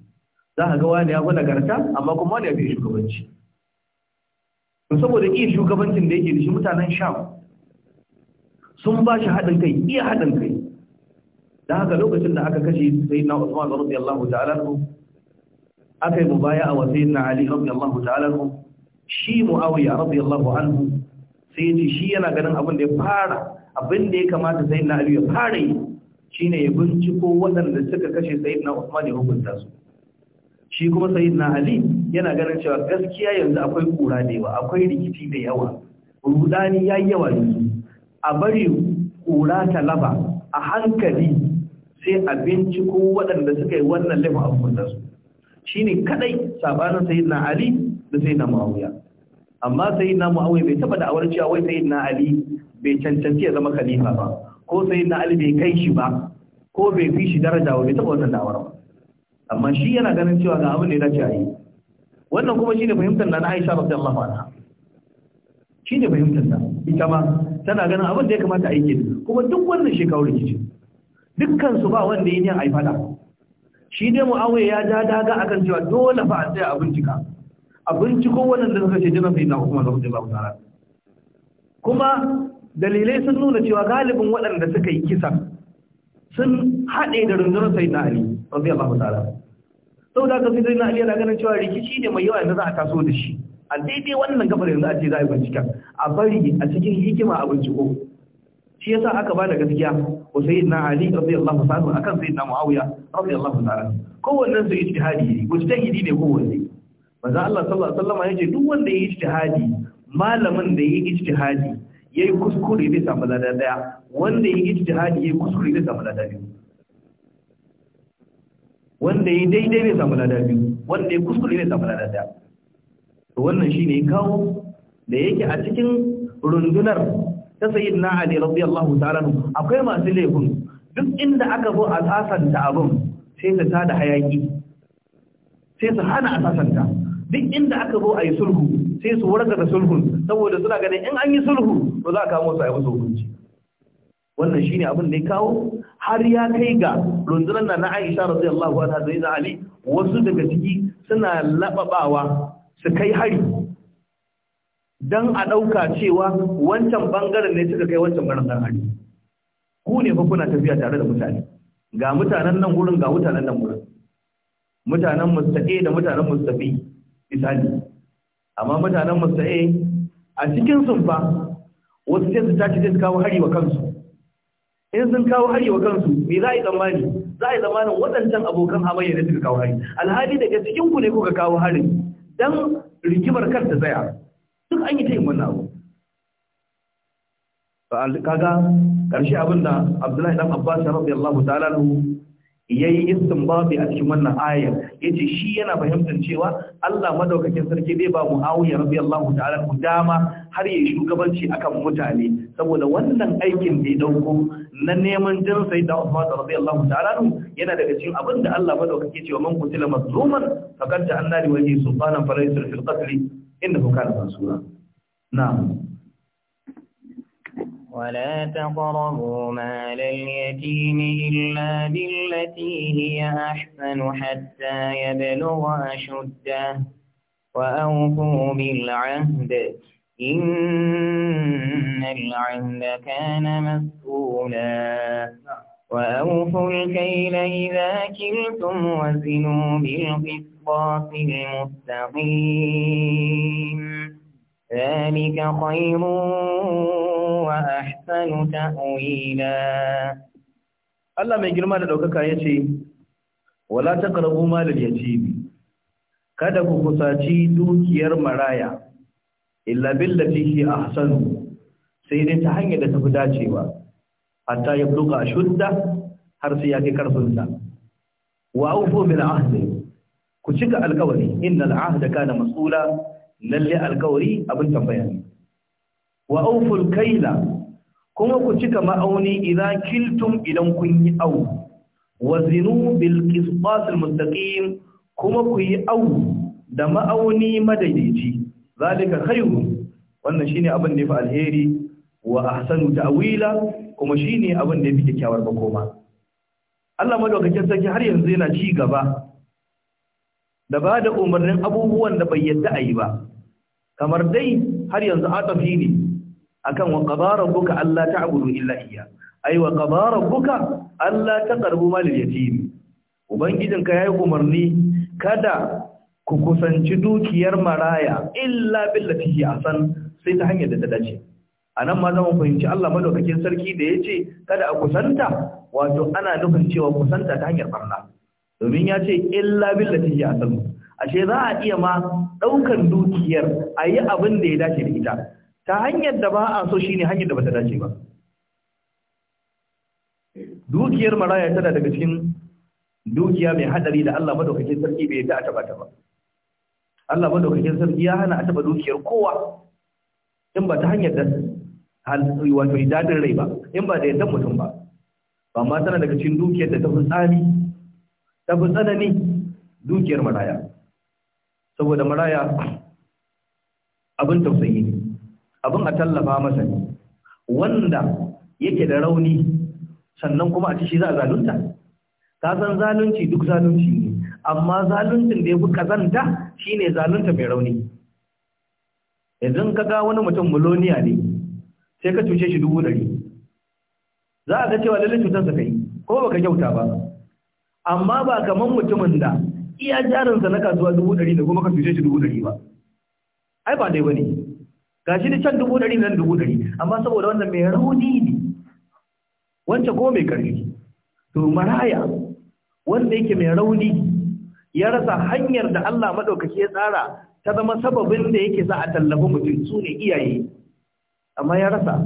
za a ga wani ya gwada garta amma kuma wani ya fi shugabanci to saboda iya shugabancin da yake da shi mutanen sham sun ba shi haɗin kai iya haɗin kai da haka lokacin da aka kashe sai na usman allah ta'ala anhu aka yi mubaya a wasayin na ali allah ta'ala anhu shi muawiya radiyallahu anhu sai ce shi yana ganin abin da ya fara abin da ya kamata sai na ali ya fara yi shine ya binciko waɗanda suka kashe sayyidina usman ya hukunta su shi kuma sayyidina ali yana ganin cewa gaskiya yanzu akwai kura da yawa akwai rikici da yawa rudani ya yi yawa yanzu a bari kura ta laba a hankali sai a binciko waɗanda suka yi wannan laifin a kunna su shi ne kaɗai sabanin sayyidina ali da sayyidina muawiya amma sayyidina muawiya bai taɓa awar cewa wai sayyidina ali bai cancanci ya zama khalifa ba ko sayyidina ali bai kai shi ba ko bai fi shi daraja ba bai taɓa wannan da'awar ba amma shi yana ganin cewa ga abin da ya dace a yi wannan kuma shine fahimtar da na Aisha radiyallahu anha shine fahimtar da ita ma tana ganin abin da ya kamata a yi kuma duk wannan kawo rikici dukkan su ba wanda yin ai fada shi dai Muawiya ya ja daga akan cewa dole fa a tsaya a bincika a binciko wannan da suka ce jina fi na Usman radiyallahu ta'ala kuma dalilai sun nuna cewa galibin waɗanda suka yi kisa sun haɗe da rundunar sai na Ali radiyallahu ta'ala saboda kafin zai na aliyar ganin cewa rikici ne mai yawa da za a taso da shi a daidai wannan gabar yanzu a ce za a yi binciken a bari a cikin hikima a binciko shi yasa aka ba da gaskiya ko sayyidina ali radiyallahu ta'ala akan sayyidina muawiya radiyallahu ta'ala kowanne su ijtihadi ne mujtahidi ne kowanne manzo Allah sallallahu alaihi wasallam yace duk wanda ya ijtihadi malamin da ya ijtihadi yayi kuskure bai samu lada daya wanda ya ijtihadi yayi kuskure bai samu lada daya wanda ya daidai mai samu lada biyu wanda ya kuskure mai samu lada daya to wannan shi ya kawo da yake a cikin rundunar ta na ali radiyallahu ta'ala akwai masu laifin duk inda aka zo a sasanta abin sai su tada hayaki sai su hana a sasanta duk inda aka zo a yi sulhu sai su warga da sulhun saboda suna ganin in an yi sulhu to za a kawo su a yi musu hukunci wannan shine abin da ya kawo har ya kai ga rundunar da na Aisha radiyallahu anha da Zainab Ali wasu daga ciki suna lababawa su kai hari dan a dauka cewa wancan bangaren ne suka kai wancan bangaren hari ku ne fa kuna tafiya tare da mutane ga mutanen nan gurin ga mutanen nan gurin mutanen mustaqi da mutanen mustafi misali amma mutanen mustaqi a cikin sun fa wasu sai su tashi su kawo hari wa kansu in sun kawo hari wa kansu me za a yi tsammani za a yi tsammanin waɗancan abokan hamayya ne suka kawo hari alhali daga cikin ku ne kuka kawo hari dan rigimar kan ta tsaya duk an yi ta yin wannan abu kaga karshe abinda Abdullahi dan Abbas radiyallahu ta'ala anhu yayi istinbabi a cikin wannan aya yace shi yana fahimtar cewa Allah madaukakin sarki bai ba Muawiya radiyallahu ta'ala dama har yayi shugabanci akan mutane saboda wannan aikin da ya dauko na neman jin sai da Umar radiyallahu ta'ala yana daga cikin abin da Allah madaukake cewa man kutila mazluman faqad ja'alna li wajhi sultanan falaysa fil qatl innahu kana mansura na'am ولا تقربوا مال اليتيم إلا بالتي هي أحسن حتى يبلغ أشده وأوفوا بالعهد إن العند كان مسؤولا وأوفوا الكيل إذا كلتم وزنوا بالقسطاس المستقيم ذلك خير وأحسن تأويلا Allah mai girma da ɗaukaka ya ce, Wala ta ƙarfi malar yatimi, kada ku kusaci dukiyar maraya, illa billati hi ahsanu sai dai ta hanyar da ta fi dacewa hatta ya bluga shudda har sai ya kai karfin sa wa awfu bil ahdi ku cika alkawari innal ahda kana mas'ula lalle alkawari abin tambaya ne wa awfu al kuma ku cika ma'auni idan kiltum idan kun yi au wa zinu bil qisas al mustaqim kuma ku yi au da ma'auni madaidaici zalika khairu wannan shine abin da yafi alheri wa ahsanu ta'wila kuma shine abin da yafi kyakkyawar makoma Allah madaukakin sarki har yanzu yana ci gaba da ba da umarnin abubuwan da bai yadda yi ba kamar dai har yanzu atafi ne akan wa qadara rabbuka alla ta'budu illa iyyah ai wa qadara rabbuka alla taqrabu mal yatim ubangijinka yayi umarni kada ku kusanci dukiyar maraya illa billati hi asan sai ta hanyar da ta dace anan ma zama fahimci Allah madaukakin sarki da yace kada a kusanta wato ana nufin cewa kusanta ta hanyar barna domin ya ce illa billati hi asan ashe za a iya ma ɗaukar dukiyar ayi abin da ya dace da ita ta hanyar da ba a so shine hanyar da bata dace ba dukiyar maraya tana daga cikin dukiya mai hadari da Allah madaukakin sarki bai ta taba ta ba Allah madaukakin sarki ya hana a taba dukiyar kowa in ba ta hanyar da wato idadin rai ba in ba da yadda mutum ba ba ma tana daga cikin dukiyar da ta fi tsani ta fi tsanani dukiyar maraya saboda maraya abin tausayi ne abin a tallafa masa ne wanda yake da rauni sannan kuma a ci shi za a zalunta ka san zalunci duk zalunci ne amma zaluncin da ya fi kazanta shine zalunta mai rauni yanzu ka ga wani mutum miloniya ne sai ka cuce shi dubu ɗari za a ga cewa lalle cutarsa kai ko baka kyauta ba amma ba kaman mutumin da iya jarinsa na kasuwa dubu ɗari da kuma ka cuce shi dubu ɗari ba ai ba dai ba ne ga shi ne can dubu ɗari nan dubu ɗari amma saboda wannan mai rauni ne wancan ko mai ƙarfi to maraya wanda yake mai rauni ya rasa hanyar da Allah maɗaukaki ya tsara ta zama sababin da yake za a tallafa mutum su ne iyaye amma ya rasa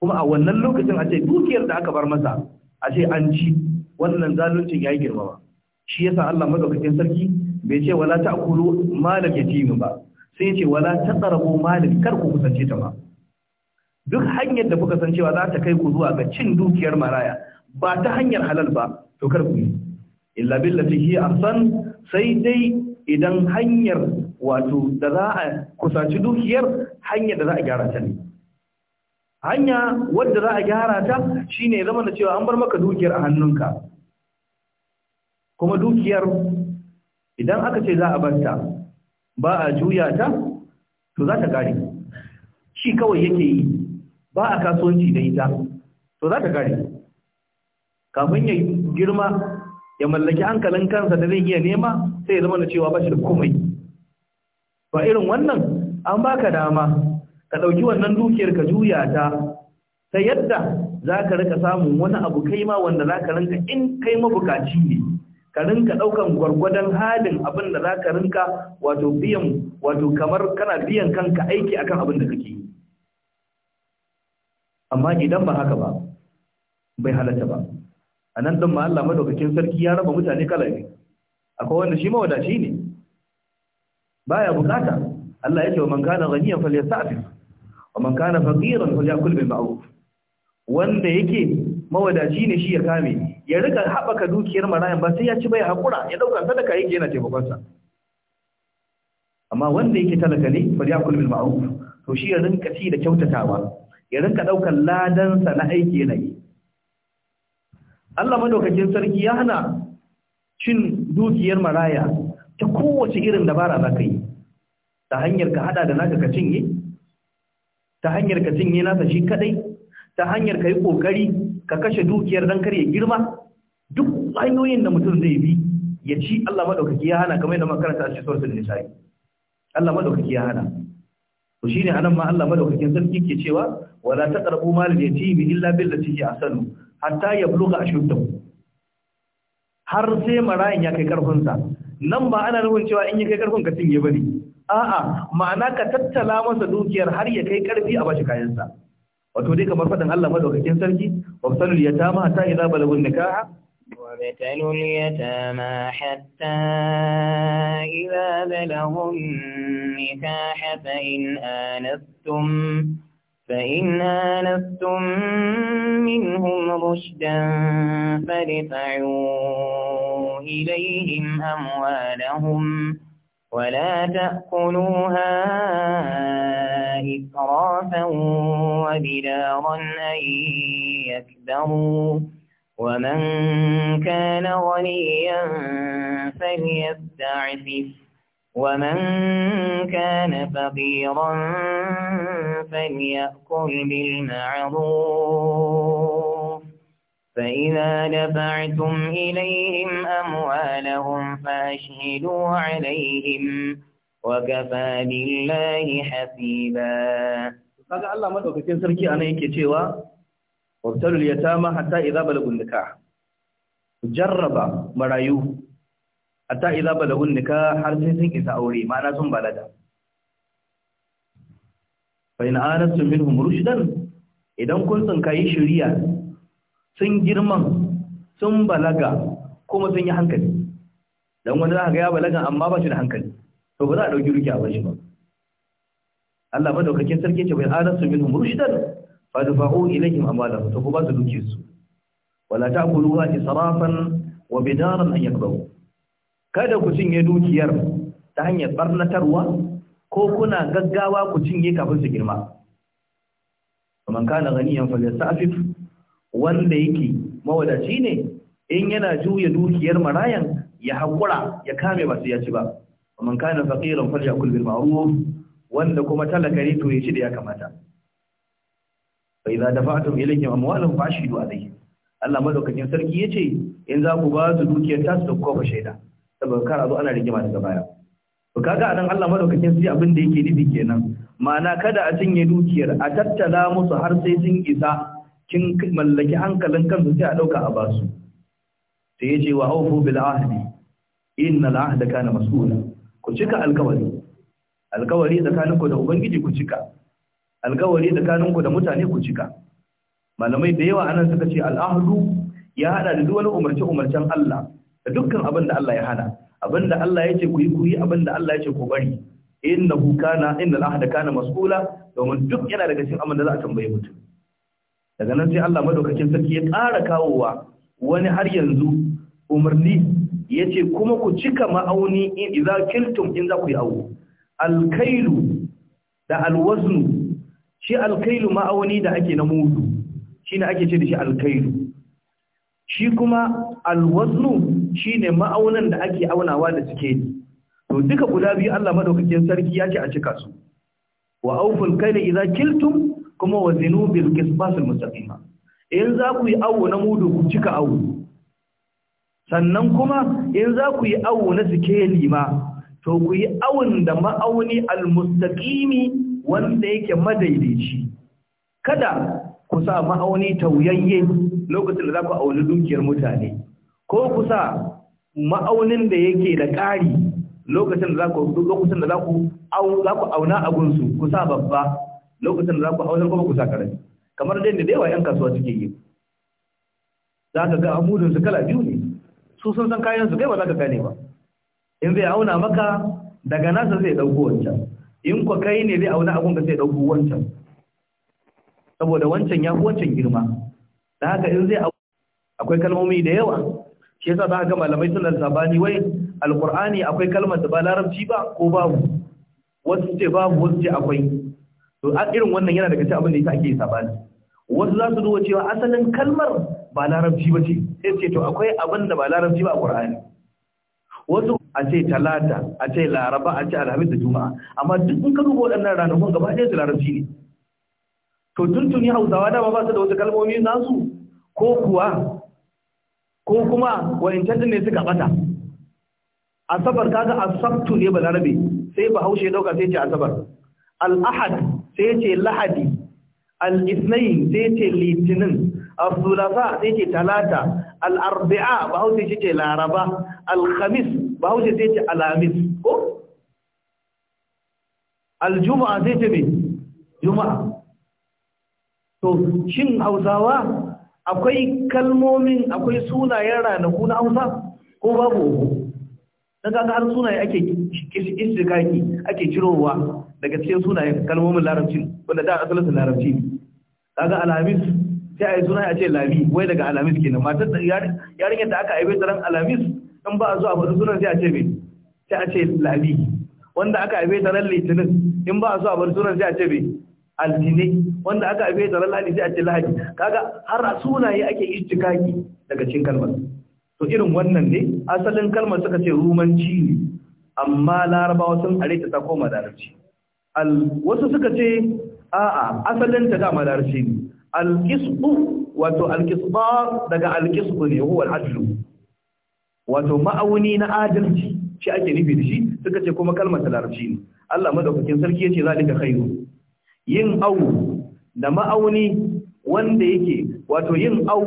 kuma a wannan lokacin a ce dukiyar da aka bar masa a ce an ci wannan zaluncin ya yi girmama shi yasa Allah maɗaukakin sarki bai ce wala ta akulu malam ci ba sai ce wala ta tsarabo malam kar ku kusance ta ba duk hanyar da kuka san cewa za ta kai ku zuwa ga cin dukiyar maraya ba ta hanyar halal ba to kar ku yi illa billati hi ahsan sai dai idan hanyar wato da za a kusaci dukiyar hanyar da za a gyara ta ne hanya wadda za a gyara ta shine zama da cewa an bar maka dukiyar a hannunka kuma dukiyar idan aka ce za a banta ba a juya ta to za ta kare shi kawai yake yi ba a kasuwanci da ita to za ta kare kafin ya girma ya mallaki hankalin kansa da zai iya nema sai ya zama da cewa ba shi da komai ba irin wannan an baka dama ka ɗauki wannan dukiyar ka juya ta ta yadda za ka rika samun wani abu kai ma wanda za ka rinka in kai mabukaci ne ka rinka ɗaukan gwargwadon halin abin da za ka rinka wato biyan wato kamar kana biyan kanka aiki akan abin da kake yi amma idan ba haka ba bai halatta ba a nan don ma Allah madaukakin sarki ya raba mutane kala ne. akwai wanda shi mawadaci ne baya bukata Allah ya ce wa man kana ghaniyan falyasta'fif wa man kana faqiran falyakul bil ma'ruf wanda yake mawadaci ne shi ya kame ya rika haɓaka dukiyar marayan ba sai ya ci bai hakura ya dauka sadaka yake yana taimakon sa amma wanda yake talaka ne falyakul bil ma'ruf to shi ya rinka ci da kyautatawa ya rinka daukan ladan sa na aiki yana yi Allah madaukakin sarki ya hana cin dukiyar maraya ta kowace irin dabara za ka yi ta hanyar ka hada da naka ka cinye ta hanyar ka cinye nasa shi kadai ta hanyar ka yi kokari ka kashe dukiyar dan kare girma duk hanyoyin da mutum zai bi ya ci Allah madaukaki ya hana kamar yadda makaranta a cikin suratul nisa Allah madaukaki ya hana to shine anan ma Allah madaukakin sarki ke cewa wala taqrabu mal yatimi illa billati hi ahsanu hatta ya buluga ashuddahu har sai marayin ya kai karfinsa nan ba ana nufin cewa in ya kai karfin ka cinye bane a'a ma'ana ka tattala masa dukiyar har ya kai karfi a bashi kayansa wato dai kamar fadin Allah madaukakin sarki sallu yatama hatta idza balagu nikaha yatama hatta حتى balagu nikaha fa in anastum فإن آنستم منهم رشدا فادفعوا إليهم أموالهم ولا تأكلوها إسرافا وبدارا أن يكبروا ومن كان غنيا فليستعفف ومن كان فقيرا فليأكل بالمعروف فإذا دفعتم إليهم أموالهم فأشهدوا عليهم وكفى بالله حسيبا kaga Allah madaukakin sarki anan yake cewa wabtalul yatama hatta idza balagun nikah jarraba marayu hatta idza balagun nikah har sai sun isa aure ma'ana sun balaga fa in anastum minhum rushdan idan kun tsinkayi shari'a sun girman sun balaga kuma sun yi hankali dan wani zaka ga ya balaga amma ba shi da hankali to ba za a dauki rukiya ba shi ba Allah madaukakin sarki ce bai adasu minhum rushdan fadfa'u ilayhim amalahum to ku ba su duke su wala ta'kuluha israfan wa bidaran an yakbaru kada ku cinye dukiyar ta hanyar barnatarwa ko kuna gaggawa ku cinye kafin su girma Kuma kana ganiyan falyastafif wanda yake mawadaci ne in yana juya dukiyar marayan ya hakura ya kame ba su ya ci ba Kuma kana faqiran falyakul bil ma'ruf wanda kuma talaka ne to ya ci da ya kamata fa idza dafa'tum ilayhim amwalahum fa'shidu alayhim Allah madaukakin sarki ya ce, in za ku ba su dukiyar tasu da ku kofa shaida saboda a zo ana rigima daga baya to kaga anan Allah madaukakin sai abin da yake nufi kenan ma'ana kada a cinye dukiyar a tattala musu har sai sun isa kin mallaki hankalin kansu sai a dauka a basu sai yace wa awfu bil ahdi innal ahda kana mas'ula ku cika alkawari alkawari tsakaninku da ubangiji ku cika alkawari tsakaninku da mutane ku cika malamai da yawa anan suka ce ahdu ya hada da duk wani umarce umarcen Allah da dukkan abin da Allah ya hana abin da Allah ya ce ku yi ku yi abin da Allah ya ce ku bari innahu kana innal ahada kana mas'ula domin duk yana daga cikin abin da za a tambaye mutum daga nan sai Allah madaukakin sarki ya ƙara kawowa wani har yanzu umarni yace kuma ku cika ma'auni in idza kiltum in za ku yi awo alkailu da alwaznu shi alkailu ma'auni da ake na mudu ne ake ce da shi alkailu shi kuma alwaznu Shi ne ma'aunan da ake aunawa da sikeli to duka guda biyu Allah madaukakin sarki ya ce a cika su wa auful kaina idza kiltum kuma wa zinu bil qisbas al in za ku yi awo na mudu ku cika awo sannan kuma in za ku yi awo na sikeli ma to ku yi awon da ma'auni almustaƙimi wanda yake madaidaici kada ku sa ma'auni tauyayye lokacin da za ku auni dukiyar mutane ko kusa ma'aunin da yake da ƙari lokacin da za ku lokacin da za ku za ku auna a kusa babba lokacin da za ku auna kuma kusa karami kamar dai da yawa yan kasuwa suke yi za ka ga amudin su kala biyu ne su sun san kayan su kai ba za ka gane ba in zai auna maka daga nasa zai dauko wancan in ku kai ne zai auna abun da zai dauko wancan saboda wancan ya fi wancan girma da haka in zai akwai kalmomi da yawa shi yasa za ga malamai suna sabani wai alkur'ani akwai kalmar da ba larabci ba ko babu wasu ce babu wasu ce akwai to a irin wannan yana daga cikin abin da yasa ake sabani wasu za su duba cewa asalin kalmar ba larabci ba ce sai ce to akwai abin da ba larabci ba a wasu a ce talata a ce laraba a ce alhamis da juma'a amma duk in ka duba waɗannan ranakun gaba ɗaya su larabci ne to tuntuni hausawa dama ba su da wasu kalmomi nasu ko kuwa ko kuma wa'incan ne suka bata asabar kaga asabtu ne balarabe sai bahaushe dauka sai ce asabar al-ahad sai ce lahadi al-ithnain sai ce litinin al-thulatha sai ce talata al-arba'a bahaushe sai ce laraba al-khamis bahaushe sai ce alamis ko al-jumu'a sai ce me juma'a to shin hausawa akwai kalmomin akwai sunayen ranaku na hausa ko babu uku na har sunaye ake istikaki ake cirowa daga cikin sunayen kalmomin larabci wanda da asalin larabci daga alamis sai ai suna a ce lami wai daga alamis kenan matar da yarinyar da aka aibe ta ran alamis in ba a a bar sunan sai a ce me sai a ce lami wanda aka aibe ta ran litinin in ba a a bar sunan sai a ce me altine wanda aka abe da lallani sai a ce lahadi kaga har sunaye ake istikaki daga cikin kalmar to irin wannan ne asalin kalmar suka ce rumanci ne amma larabawa sun areta ta koma larabci al wasu suka ce a'a asalin ta dama larabci ne al-qisbu wato al-qisba daga al-qisbu ne huwa al-adlu wato ma'auni na adalci shi ake nufi da shi suka ce kuma kalmar ta larabci ne Allah madaukakin sarki yace zalika khairu yin au da ma'auni wanda yake wato yin au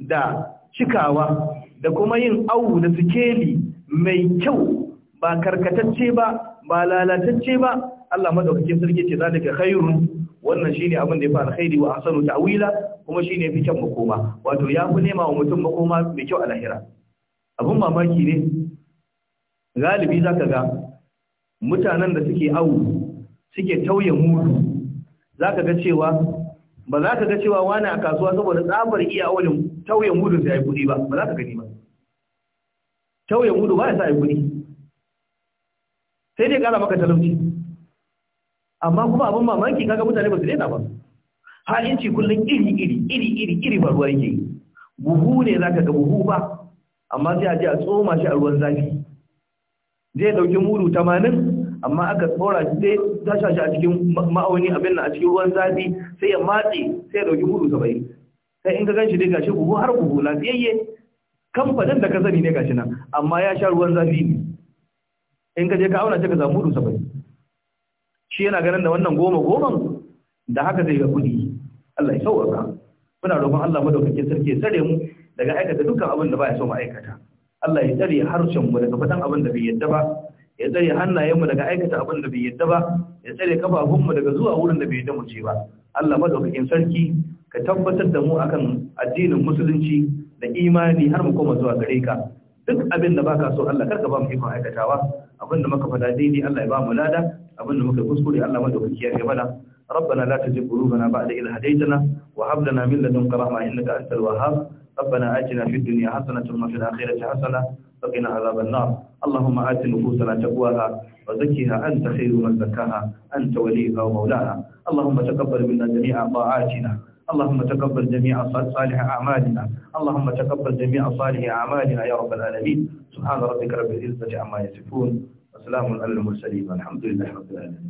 da cikawa da kuma yin au da sikeli mai kyau ba karkatacce ba ba lalatacce ba Allah madaukake sarki ce za daga khairun wannan shine abin da ya fi alkhairi wa ahsanu ta'wila kuma shine yafi kyan makoma wato ya fi nema wa mutum makoma mai kyau a lahira abin mamaki ne galibi zaka ga mutanen da suke au suke tauye mutu za ka ga cewa ba za ka ga cewa wani a kasuwa saboda tsabar iya wani tauyen gudun sai ya kuɗi ba ba za ka gani ba tauyen gudu ba ya sa ya kudi. sai dai kara maka talauci amma kuma abin mamaki kaga mutane ba su daina ba halinci kullum iri iri iri iri iri ba ruwa yake buhu ne za ka ga buhu ba amma sai a je a tsoma shi a ruwan zafi zai dauki mudu tamanin. amma aka tsora shi sai tasha shi a cikin ma'auni abin nan a cikin ruwan zafi sai ya matse sai ya dauki hudu sabai sai in ka gan shi dai gashi buhu har buhu lafiyayye kamfanin da ka sani ne gashi nan amma ya sha ruwan zafi ne in ka je ka auna ka samu hudu sabai. shi yana ganin da wannan goma goman da haka zai ga kuɗi Allah ya sauƙaƙa muna roƙon Allah madaukakin sarki ya tsare mu daga aikata dukkan abin da ba ya so mu aikata Allah ya tsare harshen mu daga fatan abin da bai yadda ba ya tsare hannayenmu daga aikata abin da bai yadda ba ya tsare kafafunmu daga zuwa wurin da bai yadda mu ce ba Allah madaukakin sarki ka tabbatar da mu akan addinin musulunci da imani har mu koma zuwa gare ka duk abin da baka so Allah karka ba mu ikon aikatawa abin da muka fada daidai Allah ya ba mu lada abin da muka kuskure Allah madaukaki ya kai mana ربنا لا تزغ قلوبنا بعد إذ هديتنا وهب لنا من لدنك رحمة إنك أنت الوهاب ربنا آتنا في الدنيا حسنة وفي الآخرة حسنة وقنا عذاب النار اللهم آت نفوسنا تقواها وزكها أنت خير من زكاها أنت وليها ومولاها اللهم تقبل منا جميع طاعاتنا اللهم تقبل جميع صالح أعمالنا اللهم تقبل جميع صالح أعمالنا يا رب العالمين سبحان ربك رب العزة عما يصفون وسلام على المرسلين والحمد لله رب العالمين